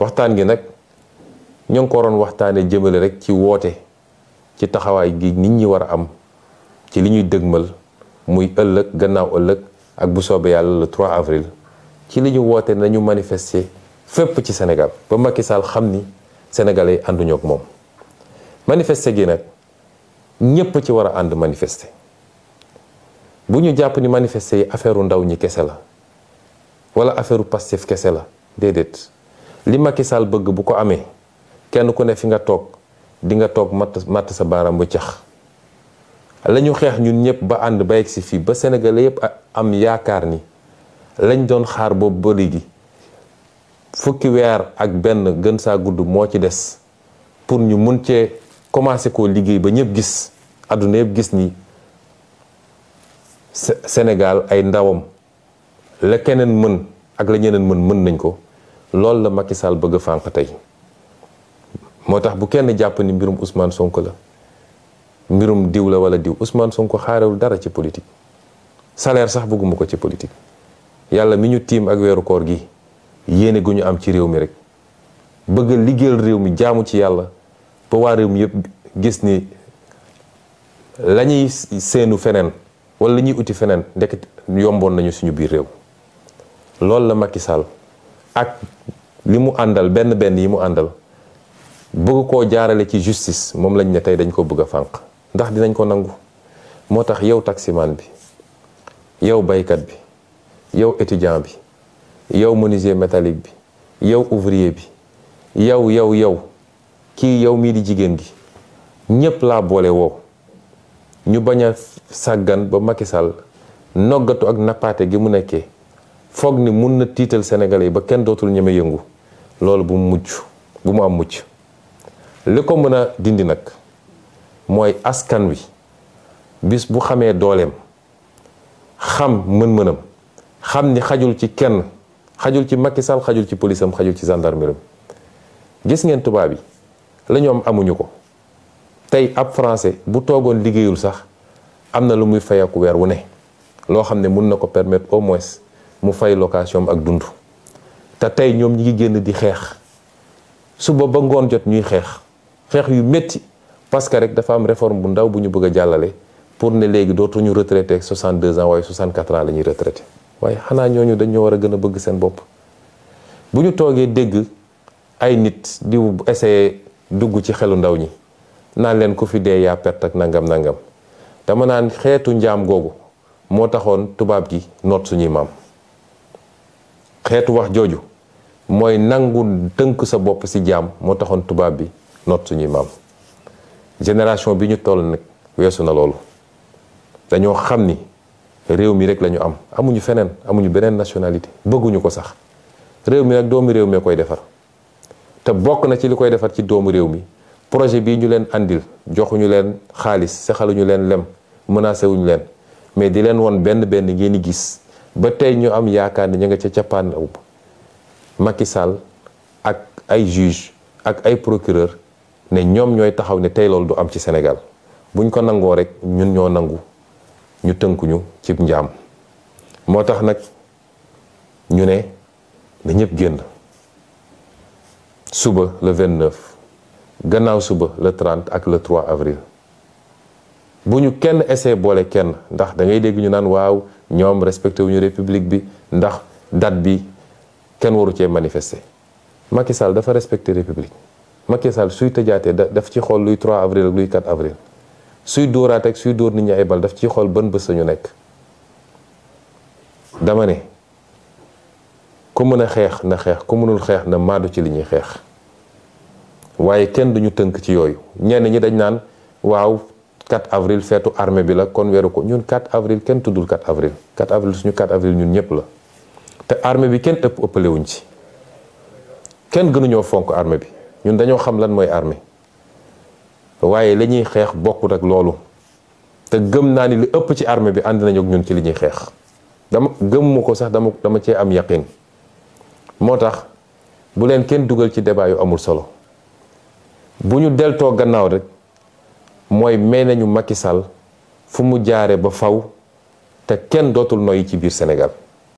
waxtaan gi nag ñoo ngi ko waroon waxtaanee jëmale rek ci woote ci taxawaay gi nit ñi war a am ci li ñuy dëgmal muy ëllëg gannaaw ëllëg ak bu soobee yàlla le trois avril ci li ñu woote nañu manifester fépp ci senegal ba Macky Sall xam ni sénégalais yi ànduñoo ak moom manifeste gi nag ñépp ci war a ànd manifester bu ñu jàpp ni manifester yi affaire ndaw ñi kese la wala affaire Pastef kese la déedéet. li Macky Sall bëgg bu ko amee kenn ku ne fi nga toog di nga toog matt sa baaraam bu cax la ñu xeex ñun ñëpp ba ànd ba yegg si fii ba Sénégalais yëpp am yaakaar ni lañ doon xaar boobu ba léegi fukki weer ak benn gën saa gudd moo ci des pour ñu mun cee commencé koo liggéey ba ñëpp gis àdduna yëpp gis ni senegal ay ndawam la keneen mën ak la ñeneen mën mën nañ ko loolu la makki Sall bëgg a fànq tey moo tax bu kenn jàpp ni mbirum Ousmane Sonko la mbirum diw la wala diw Ousmane Sonko xaarewul dara ci politique salaire sax bëgguma ko ci politique yàlla mi ñu tiim ak weeru koor gi yéene gu ñu am ci réew mi rek bëgg liggéeyal réew mi jaamu ci yàlla ba waa réew mi yëpp gis ni lañuy seenu feneen walla la uti feneen ndeket yomboon nañu suñu biir réew loolu la Macky Sall ak li mu àndal benn benn yi mu àndal bëgg koo jaarale ci justice moom lañ ne tey dañ ko bëgg fànq ndax dinañ ko nangu moo tax yow taximaan bi yow baykat bi yow étudiant bi yow menuisier métallique bi yow ouvrier bi yow yow yow kii yow mii di jigéen gi ñépp laa boole woow ñu bañ a sàggan ba Macky Sall noggatu ak nappaate gi mu nekkee foog ni mun na tiital sénégalais yi ba kenn dootul ñeme yëngu loolu bu mu mucc bu mu am mucc li ko mën a dindi nag mooy askan wi bis bu xamee dooleem xam mën-mënam xam ni xajul ci kenn xajul ci Macky Sall xajul ci police am xajul ci gendarmerie am gis ngeen tubaab yi la ñu am amuñu ko tey ab français bu toogoon liggéeyul sax am na lu muy fayeeku weer wu ne loo xam ne mun na ko permettre au moins mu fay location ak dund te tey ñoom ñi ngi génn di xeex suba ba ngoon jot ñuy xeex xeex yu metti parce que rek dafa am réforme bu ndaw bu ñu bëgg a jàllale pour ne léegi dootuñu retraité ak 62 ans waaye 64 ans la ñuy retraité waaye xanaa ñooñu dañoo war a gën a bëgg seen bopp bu ñu toogee dégg ay nit di essayé dugg ci xelu ndaw ñi naan leen ku fi dee yaa perte ak nangam nangam dama naan xeetu njaam googu moo taxoon tubaab gi noot suñuy maam. xeetu wax jooju mooy nangu tënk sa bopp si jaam moo taxoon tubaab bi noot suñuy maam génération bi ñu toll nag weesu na loolu dañoo xam ni réew mi rek lañu am amuñu feneen amuñu beneen nationalité bëgguñu ko sax réew mi nag doomu réew mee koy defar te bokk na ci li koy defar ci doomu réew mi projet bii ñu leen andil joxuñu leen xaalis sexaluñu leen lem menacé wuñu leen mais di leen won benn benn ngeen di gis ba tey ñu am yaakaar ne ñu nga ca cappaandaw Macky Sall ak ay juge ak ay procureur ne ñoom ñooy taxaw ne tey loolu du am ci Sénégal buñ ko nangoo rek ñun ñoo nangu ñu tënkuñu cib njaam moo tax nag ñu ne na ñëpp génn suba le 29 gannaaw suba le 30 ak le 3 avril bu ñu kenn essayé boole kenn ndax dangay ngay dégg ñu naan waaw ñoom respecté ñu république bi ndax date bi kenn waru cee manifester Macky Sall dafa respecté république Macky suy tëjaatee da daf ci xool luy 3 avril ak luy 4 avril suy dóoraat ak suy dóor nit ñi ay bal daf ciy xool ban bés sañu nekk dama ne ku mën a xeex na xeex ku mënul xeex na maadu ci li ñuy xeex waaye kenn duñu tënk ci yooyu ñenn ñi dañ naan waaw 4 avril feetu armée bi la kon weeru ko ñun 4 avril kenn tuddul 4 avril 4 avril suñu 4 avril ñun ñëpp la te armée bi kenn ëpp ëppale wuñ ci kenn gënuñoo fonk armée bi ñun dañoo xam lan mooy armée waaye lañuy xeex bokkut ak loolu te gëm naa ni li ëpp ci armee bi ànd nañu ñun ci li ñuy xeex dama gëmuma ko sax dama dama cee am yaqin moo tax bu leen kenn dugal ci débat yu amul solo bu ñu deltoo gannaaw rek. mooy may nañu Macky Sall fu mu jaare ba faw te kenn dootul noyyi ci biir Sénégal